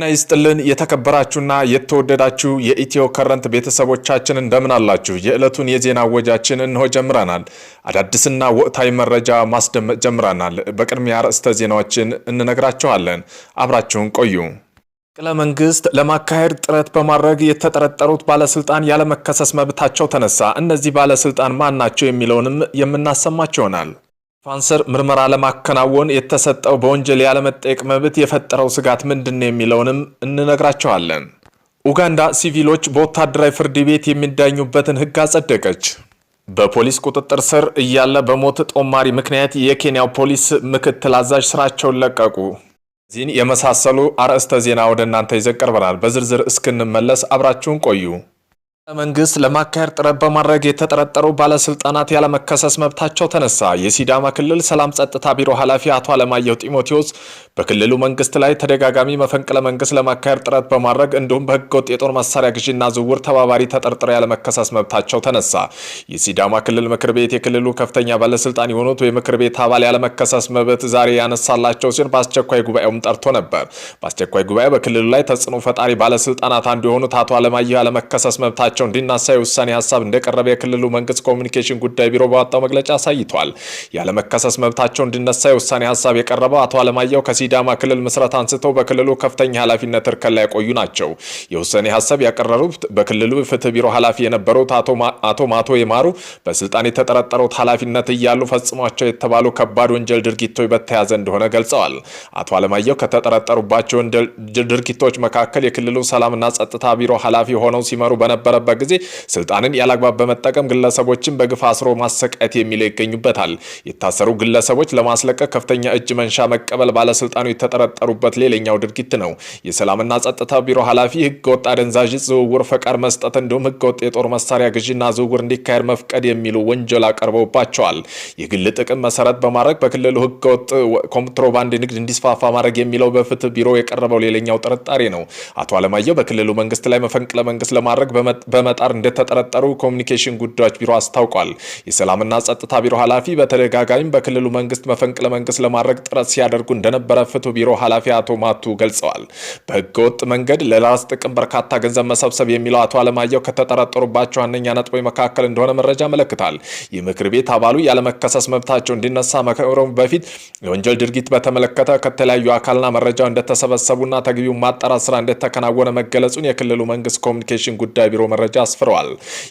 ጤና ይስጥልን የተከበራችሁና የተወደዳችሁ የኢትዮ ከረንት ቤተሰቦቻችን እንደምን አላችሁ? የዕለቱን የዜና ወጃችን እንሆ ጀምረናል። አዳዲስና ወቅታዊ መረጃ ማስደመጥ ጀምረናል። በቅድሚያ አርዕስተ ዜናዎችን እንነግራችኋለን። አብራችሁን ቆዩ። ለመንግስት መንግስት ለማካሄድ ጥረት በማድረግ የተጠረጠሩት ባለስልጣን ያለመከሰስ መብታቸው ተነሳ። እነዚህ ባለስልጣን ማን ናቸው የሚለውንም የምናሰማችሁ ይሆናል። ካንሰር ምርመራ ለማከናወን የተሰጠው በወንጀል ያለመጠየቅ መብት የፈጠረው ስጋት ምንድን ነው የሚለውንም እንነግራቸዋለን። ኡጋንዳ ሲቪሎች በወታደራዊ ፍርድ ቤት የሚዳኙበትን ሕግ አጸደቀች። በፖሊስ ቁጥጥር ስር እያለ በሞት ጦማሪ ምክንያት የኬንያው ፖሊስ ምክትል አዛዥ ስራቸውን ለቀቁ። እዚህን የመሳሰሉ አርዕስተ ዜና ወደ እናንተ ይዘን ቀርበናል። በዝርዝር እስክንመለስ አብራችሁን ቆዩ። መንግስት ለማካሄድ ጥረት በማድረግ የተጠረጠሩ ባለስልጣናት ያለመከሰስ መብታቸው ተነሳ። የሲዳማ ክልል ሰላም ጸጥታ ቢሮ ኃላፊ አቶ አለማየሁ ጢሞቴዎስ በክልሉ መንግስት ላይ ተደጋጋሚ መፈንቅለ መንግስት ለማካሄድ ጥረት በማድረግ እንዲሁም በህገወጥ የጦር መሳሪያ ግዢና ዝውውር ተባባሪ ተጠርጥረው ያለመከሰስ መብታቸው ተነሳ። የሲዳማ ክልል ምክር ቤት የክልሉ ከፍተኛ ባለስልጣን የሆኑት የምክር ቤት አባል ያለመከሰስ መብት ዛሬ ያነሳላቸው ሲሆን በአስቸኳይ ጉባኤውም ጠርቶ ነበር። በአስቸኳይ ጉባኤ በክልሉ ላይ ተጽዕኖ ፈጣሪ ባለስልጣናት አንዱ የሆኑት አቶ አለማየሁ ያለመከሰስ መብታቸው መሆናቸው እንዲናሳ የውሳኔ ሀሳብ እንደቀረበ የክልሉ መንግስት ኮሚኒኬሽን ጉዳይ ቢሮ ባወጣው መግለጫ አሳይቷል። ያለመከሰስ መብታቸው እንዲነሳ የውሳኔ ሀሳብ የቀረበው አቶ አለማየሁ ከሲዳማ ክልል ምስረት አንስተው በክልሉ ከፍተኛ ኃላፊነት እርከን ላይ የቆዩ ናቸው። የውሳኔ ሀሳብ ያቀረሩት በክልሉ ፍትህ ቢሮ ኃላፊ የነበሩት አቶ ማቶ የማሩ በስልጣን የተጠረጠሩት ኃላፊነት እያሉ ፈጽሟቸው የተባሉ ከባድ ወንጀል ድርጊቶች በተያዘ እንደሆነ ገልጸዋል። አቶ አለማየሁ ከተጠረጠሩባቸው ድርጊቶች መካከል የክልሉ ሰላምና ጸጥታ ቢሮ ኃላፊ ሆነው ሲመሩ በነበረበት በሚሰራበት ጊዜ ስልጣንን ያላግባብ በመጠቀም ግለሰቦችን በግፍ አስሮ ማሰቃየት የሚለው ይገኙበታል። የታሰሩ ግለሰቦች ለማስለቀቅ ከፍተኛ እጅ መንሻ መቀበል ባለስልጣኑ የተጠረጠሩበት ሌላኛው ድርጊት ነው። የሰላምና ጸጥታ ቢሮ ኃላፊ ህገወጥ አደንዛዥ ዝውውር ፈቃድ መስጠት እንዲሁም ህገወጥ የጦር መሳሪያ ግዢና ዝውውር እንዲካሄድ መፍቀድ የሚሉ ወንጀል አቀርበውባቸዋል። የግል ጥቅም መሰረት በማድረግ በክልሉ ህገወጥ ኮንትሮባንድ ንግድ እንዲስፋፋ ማድረግ የሚለው በፍትህ ቢሮ የቀረበው ሌላኛው ጥርጣሬ ነው። አቶ አለማየሁ በክልሉ መንግስት ላይ መፈንቅለ መንግስት ለማድረግ በመጣር እንደተጠረጠሩ ኮሚኒኬሽን ጉዳዮች ቢሮ አስታውቋል። የሰላምና ጸጥታ ቢሮ ኃላፊ በተደጋጋሚም በክልሉ መንግስት መፈንቅለ መንግስት ለማድረግ ጥረት ሲያደርጉ እንደነበረ ፍትህ ቢሮ ኃላፊ አቶ ማቱ ገልጸዋል። በህገወጥ መንገድ ለራስ ጥቅም በርካታ ገንዘብ መሰብሰብ የሚለው አቶ አለማየሁ ከተጠረጠሩባቸው ዋነኛ ነጥቦች መካከል እንደሆነ መረጃ ያመለክታል። የምክር ቤት አባሉ ያለመከሰስ መብታቸው እንዲነሳ መከረሙ በፊት የወንጀል ድርጊት በተመለከተ ከተለያዩ አካልና መረጃ እንደተሰበሰቡና ተገቢውን ማጣራት ስራ እንደተከናወነ መገለጹን የክልሉ መንግስት ኮሚኒኬሽን ጉዳይ ቢሮ መረጃ አስፍረዋል።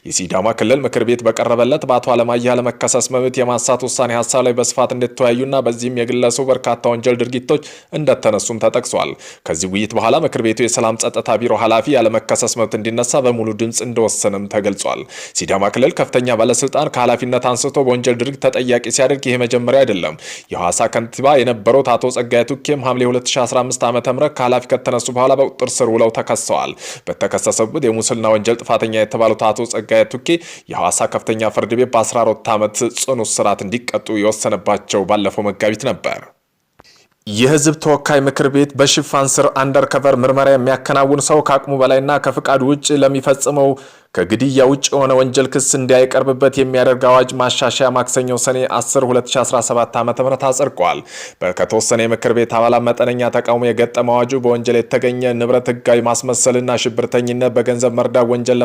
የሲዳማ ክልል ምክር ቤት በቀረበለት በአቶ አለማየህ አለመከሰስ መብት የማንሳት ውሳኔ ሀሳብ ላይ በስፋት እንደተወያዩና በዚህም የግለሰቡ በርካታ ወንጀል ድርጊቶች እንደተነሱም ተጠቅሷል። ከዚህ ውይይት በኋላ ምክር ቤቱ የሰላም ጸጥታ ቢሮ ኃላፊ ያለመከሰስ መብት እንዲነሳ በሙሉ ድምፅ እንደወሰንም ተገልጿል። ሲዳማ ክልል ከፍተኛ ባለስልጣን ከኃላፊነት አንስቶ በወንጀል ድርጊት ተጠያቂ ሲያደርግ ይሄ መጀመሪያ አይደለም። የሐዋሳ ከንቲባ የነበሩት አቶ ጸጋይ ቱኬም ሐምሌ 2015 ዓ ም ከኃላፊ ከተነሱ በኋላ በቁጥጥር ስር ውለው ተከሰዋል። በተከሰሰበት የሙስና ወንጀል ጥፋት ጥፋተኛ የተባሉት አቶ ጸጋዬ ቱኬ የሐዋሳ ከፍተኛ ፍርድ ቤት በ14 ዓመት ጽኑ እስራት እንዲቀጡ የወሰነባቸው ባለፈው መጋቢት ነበር። የህዝብ ተወካይ ምክር ቤት በሽፋን ስር አንደርከቨር ምርመራ የሚያከናውን ሰው ከአቅሙ በላይና ከፍቃድ ውጭ ለሚፈጽመው ከግድያ ውጭ የሆነ ወንጀል ክስ እንዳይቀርብበት የሚያደርግ አዋጅ ማሻሻያ ማክሰኞ ሰኔ 10 2017 ዓ ም አጽድቋል። ከተወሰነ የምክር ቤት አባላት መጠነኛ ተቃውሞ የገጠመ አዋጁ በወንጀል የተገኘ ንብረት ህጋዊ ማስመሰልና ሽብርተኝነት በገንዘብ መርዳት ወንጀል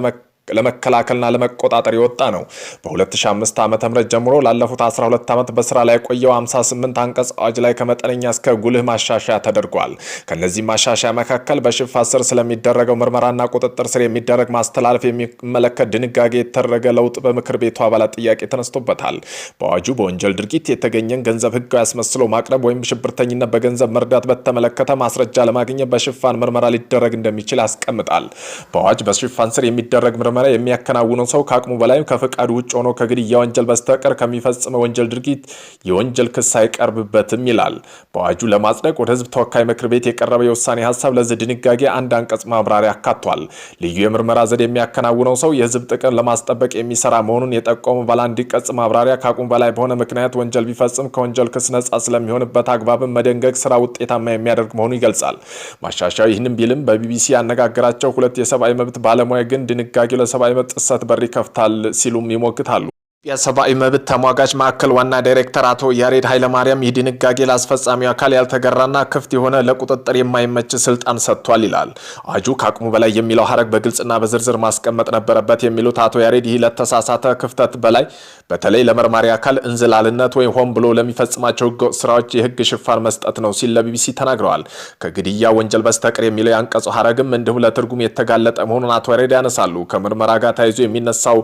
ለመከላከልና ለመቆጣጠር የወጣ ነው። በ2005 ዓ ም ጀምሮ ላለፉት 12 ዓመት በስራ ላይ የቆየው 58 አንቀጽ አዋጅ ላይ ከመጠነኛ እስከ ጉልህ ማሻሻያ ተደርጓል። ከእነዚህ ማሻሻያ መካከል በሽፋን ስር ስለሚደረገው ምርመራና ቁጥጥር ስር የሚደረግ ማስተላለፍ የሚመለከት ድንጋጌ የተደረገ ለውጥ በምክር ቤቱ አባላት ጥያቄ ተነስቶበታል። በአዋጁ በወንጀል ድርጊት የተገኘን ገንዘብ ህጋዊ አስመስሎ ማቅረብ ወይም ሽብርተኝነት በገንዘብ መርዳት በተመለከተ ማስረጃ ለማግኘት በሽፋን ምርመራ ሊደረግ እንደሚችል ያስቀምጣል። በአዋጅ በሽፋን ስር የሚደረግ ምርመራ የሚያከናውነው ሰው ከአቅሙ በላይ ከፈቃዱ ውጭ ሆኖ ከግድያ ወንጀል በስተቀር ከሚፈጽመው ወንጀል ድርጊት የወንጀል ክስ አይቀርብበትም ይላል። በአዋጁ ለማጽደቅ ወደ ህዝብ ተወካይ ምክር ቤት የቀረበ የውሳኔ ሀሳብ ለዚህ ድንጋጌ አንድ አንቀጽ ማብራሪያ አካቷል። ልዩ የምርመራ ዘዴ የሚያከናውነው ሰው የህዝብ ጥቅም ለማስጠበቅ የሚሰራ መሆኑን የጠቆሙ ባለ አንድ ማብራሪያ ከአቅሙ በላይ በሆነ ምክንያት ወንጀል ቢፈጽም ከወንጀል ክስ ነጻ ስለሚሆንበት አግባብን መደንገግ ስራ ውጤታማ የሚያደርግ መሆኑ ይገልጻል። ማሻሻያው ይህንም ቢልም በቢቢሲ ያነጋገራቸው ሁለት የሰብአዊ መብት ባለሙያ ግን ድንጋጌ ለሰብአዊ መብት ጥሰት በር ይከፍታል ሲሉም ይሞግታሉ። የሰብአዊ መብት ተሟጋች ማዕከል ዋና ዳይሬክተር አቶ ያሬድ ኃይለማርያም ይህ ድንጋጌ ለአስፈጻሚው አካል ያልተገራና ክፍት የሆነ ለቁጥጥር የማይመች ስልጣን ሰጥቷል ይላል። አዋጁ ከአቅሙ በላይ የሚለው ሀረግ በግልጽና በዝርዝር ማስቀመጥ ነበረበት የሚሉት አቶ ያሬድ ይህ ለተሳሳተ ክፍተት በላይ በተለይ ለመርማሪ አካል እንዝላልነት ወይም ሆን ብሎ ለሚፈጽማቸው ህገወጥ ስራዎች የህግ ሽፋን መስጠት ነው ሲል ለቢቢሲ ተናግረዋል። ከግድያ ወንጀል በስተቀር የሚለው የአንቀጹ ሀረግም እንዲሁም ለትርጉም የተጋለጠ መሆኑን አቶ ያሬድ ያነሳሉ። ከምርመራ ጋር ተያይዞ የሚነሳው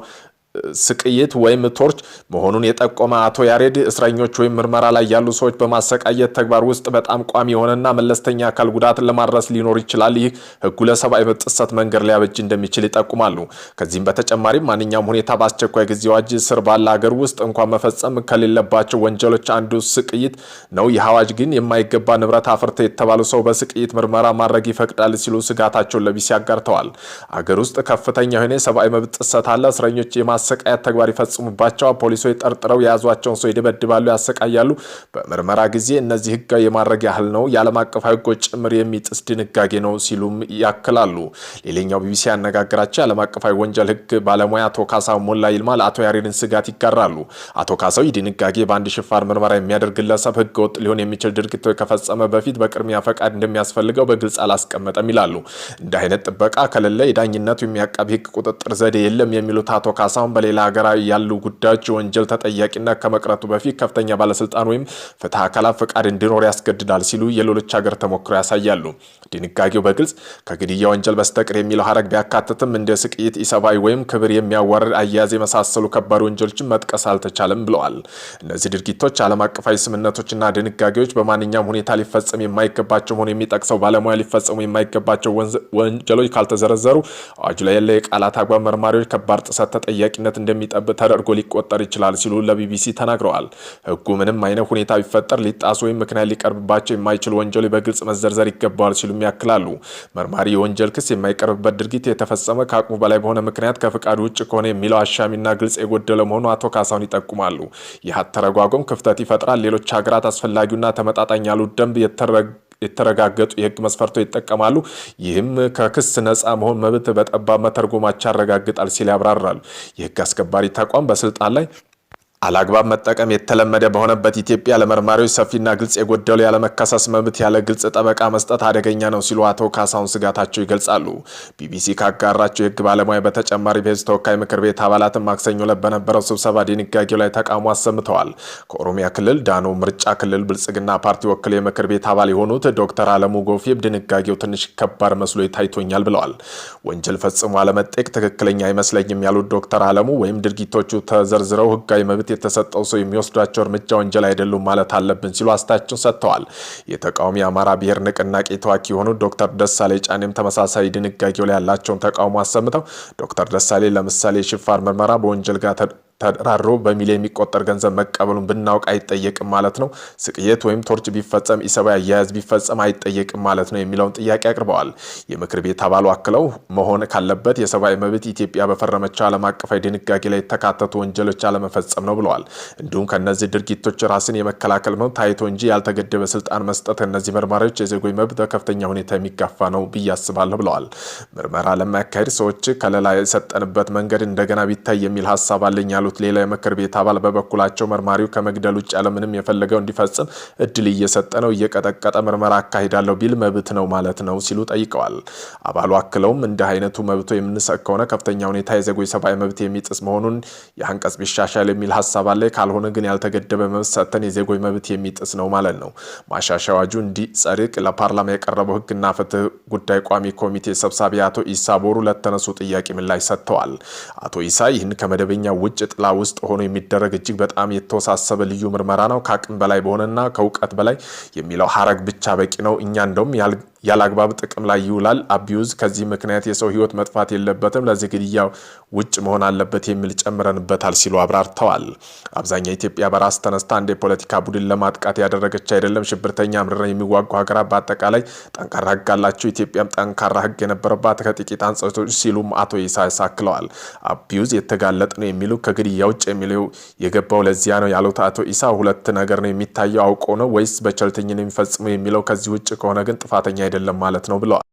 ስቅይት ወይም ቶርች መሆኑን የጠቆመ አቶ ያሬድ እስረኞች ወይም ምርመራ ላይ ያሉ ሰዎች በማሰቃየት ተግባር ውስጥ በጣም ቋሚ የሆነና መለስተኛ አካል ጉዳት ለማድረስ ሊኖር ይችላል። ይህ ሕጉ ለሰብአዊ መብት ጥሰት መንገድ ሊያበጅ እንደሚችል ይጠቁማሉ። ከዚህም በተጨማሪም ማንኛውም ሁኔታ በአስቸኳይ ጊዜ አዋጅ ስር ባለ ሀገር ውስጥ እንኳን መፈጸም ከሌለባቸው ወንጀሎች አንዱ ስቅይት ነው። ይህ አዋጅ ግን የማይገባ ንብረት አፍርተ የተባሉ ሰው በስቅይት ምርመራ ማድረግ ይፈቅዳል ሲሉ ስጋታቸውን ለቢሲ አጋርተዋል። አገር ውስጥ ከፍተኛ የሆነ የሰብአዊ መብት ጥሰት አለ። እስረኞች የማ የማሰቃየት ተግባር ይፈጽሙባቸዋል። ፖሊሶች ጠርጥረው የያዟቸውን ሰው ይደበድባሉ፣ ያሰቃያሉ። በምርመራ ጊዜ እነዚህ ህጋዊ የማድረግ ያህል ነው፣ የዓለም አቀፍ ህጎች ጭምር የሚጥስ ድንጋጌ ነው ሲሉም ያክላሉ። ሌላኛው ቢቢሲ ያነጋግራቸው የዓለም አቀፋዊ ወንጀል ህግ ባለሙያ አቶ ካሳው ሞላ ይልማል አቶ ያሬድን ስጋት ይጋራሉ። አቶ ካሳው ድንጋጌ በአንድ ሽፋን ምርመራ የሚያደርግ ግለሰብ ህገ ወጥ ሊሆን የሚችል ድርጊት ከፈጸመ በፊት በቅድሚያ ፈቃድ እንደሚያስፈልገው በግልጽ አላስቀመጠም ይላሉ። እንደ አይነት ጥበቃ ከሌለ የዳኝነቱ የሚያቃቢ ህግ ቁጥጥር ዘዴ የለም የሚሉት አቶ ካሳው ሳይሆን በሌላ ሀገር ያሉ ጉዳዮች የወንጀል ተጠያቂነት ከመቅረቱ በፊት ከፍተኛ ባለስልጣን ወይም ፍትህ አካላት ፈቃድ እንዲኖር ያስገድዳል ሲሉ የሌሎች ሀገር ተሞክሮ ያሳያሉ። ድንጋጌው በግልጽ ከግድያ ወንጀል በስተቀር የሚለው ሀረግ ቢያካትትም እንደ ስቅይት፣ ኢሰብአዊ ወይም ክብር የሚያዋርድ አያያዝ የመሳሰሉ ከባድ ወንጀሎችን መጥቀስ አልተቻለም ብለዋል። እነዚህ ድርጊቶች ዓለም አቀፋዊ ስምምነቶችና ድንጋጌዎች በማንኛውም ሁኔታ ሊፈጸም የማይገባቸው መሆኑ የሚጠቅሰው ባለሙያ ሊፈጸሙ የማይገባቸው ወንጀሎች ካልተዘረዘሩ አዋጁ ላይ ያለ የቃላት አግባብ መርማሪዎች ከባድ ጥሰት ተጠያቂ ተጠያቂነት እንደሚጠብቅ ተደርጎ ሊቆጠር ይችላል ሲሉ ለቢቢሲ ተናግረዋል። ህጉ ምንም አይነት ሁኔታ ቢፈጠር ሊጣስ ወይም ምክንያት ሊቀርብባቸው የማይችል ወንጀል በግልጽ መዘርዘር ይገባዋል ሲሉም ያክላሉ። መርማሪ የወንጀል ክስ የማይቀርብበት ድርጊት የተፈጸመ ከአቅሙ በላይ በሆነ ምክንያት ከፍቃድ ውጭ ከሆነ የሚለው አሻሚና ግልጽ የጎደለ መሆኑ አቶ ካሳሁን ይጠቁማሉ። ይህ አተረጓጎም ክፍተት ይፈጥራል። ሌሎች ሀገራት አስፈላጊውና ተመጣጣኝ ያሉት ደንብ የተረግ የተረጋገጡ የህግ መስፈርቶች ይጠቀማሉ። ይህም ከክስ ነፃ መሆን መብት በጠባብ መተርጎማቸው ያረጋግጣል ሲል ያብራራሉ። የህግ አስከባሪ ተቋም በስልጣን ላይ አላግባብ መጠቀም የተለመደ በሆነበት ኢትዮጵያ ለመርማሪዎች ሰፊና ግልጽ የጎደሉ ያለመከሰስ መብት ያለ ግልጽ ጠበቃ መስጠት አደገኛ ነው ሲሉ አቶ ካሳሁን ስጋታቸው ይገልጻሉ። ቢቢሲ ካጋራቸው የህግ ባለሙያ በተጨማሪ በህዝብ ተወካይ ምክር ቤት አባላትን ማክሰኞ ዕለት በነበረው ስብሰባ ድንጋጌው ላይ ተቃውሞ አሰምተዋል። ከኦሮሚያ ክልል ዳኖ ምርጫ ክልል ብልጽግና ፓርቲ ወክል የምክር ቤት አባል የሆኑት ዶክተር አለሙ ጎፌብ ድንጋጌው ትንሽ ከባድ መስሎ ታይቶኛል ብለዋል። ወንጀል ፈጽሞ አለመጠየቅ ትክክለኛ አይመስለኝም ያሉት ዶክተር አለሙ ወይም ድርጊቶቹ ተዘርዝረው ህጋዊ መብት የተሰጠው ሰው የሚወስዷቸው እርምጃ ወንጀል አይደሉም ማለት አለብን ሲሉ አስተያየታቸውን ሰጥተዋል። የተቃዋሚ የአማራ ብሔር ንቅናቄ ተዋኪ የሆኑ ዶክተር ደሳሌ ጫኔም ተመሳሳይ ድንጋጌው ላይ ያላቸውን ተቃውሞ አሰምተው ዶክተር ደሳሌ ለምሳሌ የሽፋር ምርመራ በወንጀል ጋር ተራሮ በሚል የሚቆጠር ገንዘብ መቀበሉን ብናውቅ አይጠየቅም ማለት ነው። ስቅየት ወይም ቶርች ቢፈጸም ኢሰብአዊ አያያዝ ቢፈጸም አይጠየቅም ማለት ነው የሚለውን ጥያቄ አቅርበዋል። የምክር ቤት አባሉ አክለው መሆን ካለበት የሰብአዊ መብት ኢትዮጵያ በፈረመችው ዓለም አቀፋዊ ድንጋጌ ላይ የተካተቱ ወንጀሎች አለመፈጸም ነው ብለዋል። እንዲሁም ከእነዚህ ድርጊቶች ራስን የመከላከል መብት ታይቶ እንጂ ያልተገደበ ስልጣን መስጠት እነዚህ መርማሪዎች የዜጎች መብት በከፍተኛ ሁኔታ የሚጋፋ ነው ብዬ አስባለሁ ብለዋል። ምርመራ ለማካሄድ ሰዎች ከለላ የሰጠንበት መንገድ እንደገና ቢታይ የሚል ሀሳብ አለኝ ያሉ ያሉት ሌላ የምክር ቤት አባል በበኩላቸው መርማሪው ከመግደል ውጭ ያለምንም የፈለገው እንዲፈጽም እድል እየሰጠ ነው፣ እየቀጠቀጠ ምርመራ አካሂዳለሁ ቢል መብት ነው ማለት ነው ሲሉ ጠይቀዋል። አባሉ አክለውም እንዲህ አይነቱ መብቶ የምንሰጥ ከሆነ ከፍተኛ ሁኔታ የዜጎች ሰብአዊ መብት የሚጥስ መሆኑን የአንቀጽ ቢሻሻል የሚል ሀሳብ አለ። ካልሆነ ግን ያልተገደበ መብት ሰጥተን የዜጎች መብት የሚጥስ ነው ማለት ነው። ማሻሻዋጁ አዋጁ እንዲጸድቅ ለፓርላማ የቀረበው ህግና ፍትህ ጉዳይ ቋሚ ኮሚቴ ሰብሳቢ አቶ ኢሳ ቦሩ ለተነሱ ጥያቄ ምላሽ ሰጥተዋል። አቶ ኢሳ ይህን ከመደበኛ ውጭ ጥላ ውስጥ ሆኖ የሚደረግ እጅግ በጣም የተወሳሰበ ልዩ ምርመራ ነው። ከአቅም በላይ በሆነና ከእውቀት በላይ የሚለው ሀረግ ብቻ በቂ ነው። እኛ እንደውም አግባብ ጥቅም ላይ ይውላል፣ አቢዩዝ። ከዚህ ምክንያት የሰው ህይወት መጥፋት የለበትም፣ ለዚህ ውጭ መሆን አለበት የሚል ጨምረንበታል ሲሉ አብራርተዋል። አብዛኛው ኢትዮጵያ በራስ ተነስታ አንድ የፖለቲካ ቡድን ለማጥቃት ያደረገች አይደለም። ሽብርተኛ ምድር የሚዋጉ ሀገራት በአጠቃላይ ጠንካራ ህግ አላቸው። ኢትዮጵያም ጠንካራ ህግ የነበረባት ከጥቂት አንጻቶች ሲሉም አቶ ኢሳያስ አክለዋል። አቢዩዝ የተጋለጥ ነው የሚሉ ከግድያ ውጭ የሚለው የገባው ለዚያ ነው ያሉት አቶ ኢሳ ሁለት ነገር ነው የሚታየው፣ አውቆ ነው ወይስ በቸልተኝነት የሚፈጽመው የሚለው ከዚህ ውጭ ከሆነ ግን ጥፋተኛ አይደለም ማለት ነው ብለዋል።